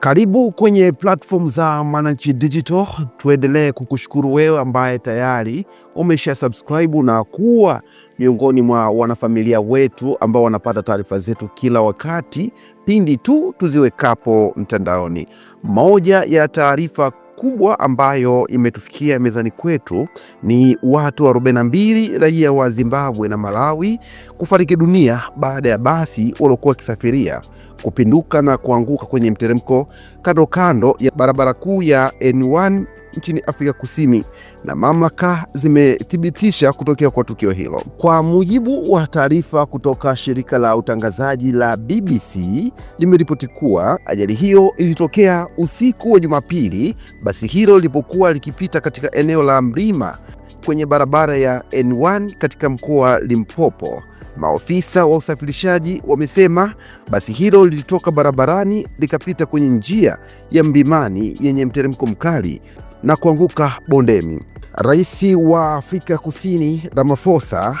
Karibu kwenye platform za Mwananchi Digital. Tuendelee kukushukuru wewe ambaye tayari umesha subscribe na kuwa miongoni mwa wanafamilia wetu ambao wanapata taarifa zetu kila wakati pindi tu tuziwekapo mtandaoni. Moja ya taarifa kubwa ambayo imetufikia mezani kwetu ni watu 42 raia wa Zimbabwe na Malawi kufariki dunia baada ya basi waliokuwa wakisafiria kupinduka na kuanguka kwenye mteremko kando kando ya barabara kuu ya N1 nchini Afrika Kusini, na mamlaka zimethibitisha kutokea kwa tukio hilo. Kwa mujibu wa taarifa kutoka shirika la utangazaji la BBC, limeripoti kuwa ajali hiyo ilitokea usiku wa Jumapili, basi hilo lilipokuwa likipita katika eneo la mlima kwenye barabara ya N1 katika mkoa wa Limpopo. Maofisa wa usafirishaji wamesema basi hilo lilitoka barabarani likapita kwenye njia ya mlimani yenye mteremko mkali na kuanguka bondeni. Rais wa Afrika Kusini Ramaphosa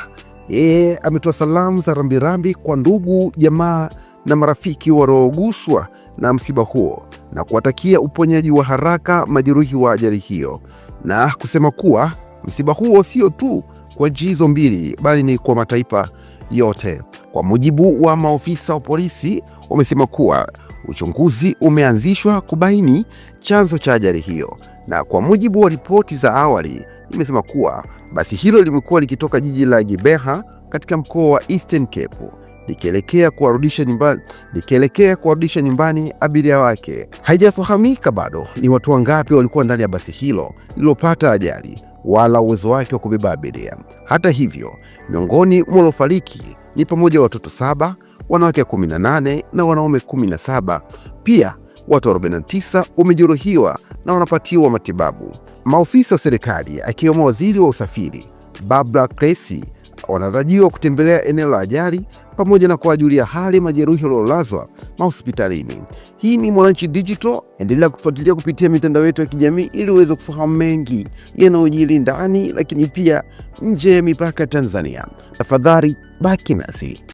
yeye ametoa salamu za rambirambi kwa ndugu, jamaa na marafiki walioguswa na msiba huo na kuwatakia uponyaji wa haraka majeruhi wa ajali hiyo na kusema kuwa Msiba huo sio tu kwa nchi hizo mbili, bali ni kwa mataifa yote. Kwa mujibu wa maofisa wa polisi, wamesema kuwa uchunguzi umeanzishwa kubaini chanzo cha ajali hiyo, na kwa mujibu wa ripoti za awali imesema kuwa basi hilo limekuwa likitoka jiji la Gibeha katika mkoa wa Eastern Cape likielekea kuwarudisha nyumbani likielekea kuwarudisha nyumbani abiria wake. Haijafahamika bado ni watu wangapi walikuwa ndani ya basi hilo lililopata ajali, wala uwezo wake wa kubeba abiria. Hata hivyo, miongoni mwa waliofariki ni pamoja watoto saba, wanawake 18 na wanaume 17. Pia watu 49 wamejeruhiwa na wanapatiwa matibabu. Maofisa wa serikali akiwemo waziri wa usafiri Barbara Crecy wanatarajiwa kutembelea eneo la ajali pamoja na kuwajulia hali majeruhi waliolazwa mahospitalini. Hii ni Mwananchi Digital, endelea kufuatilia kupitia mitandao yetu ya kijamii ili uweze kufahamu mengi yanayojiri ndani, lakini pia nje ya mipaka ya Tanzania. Tafadhali baki nasi.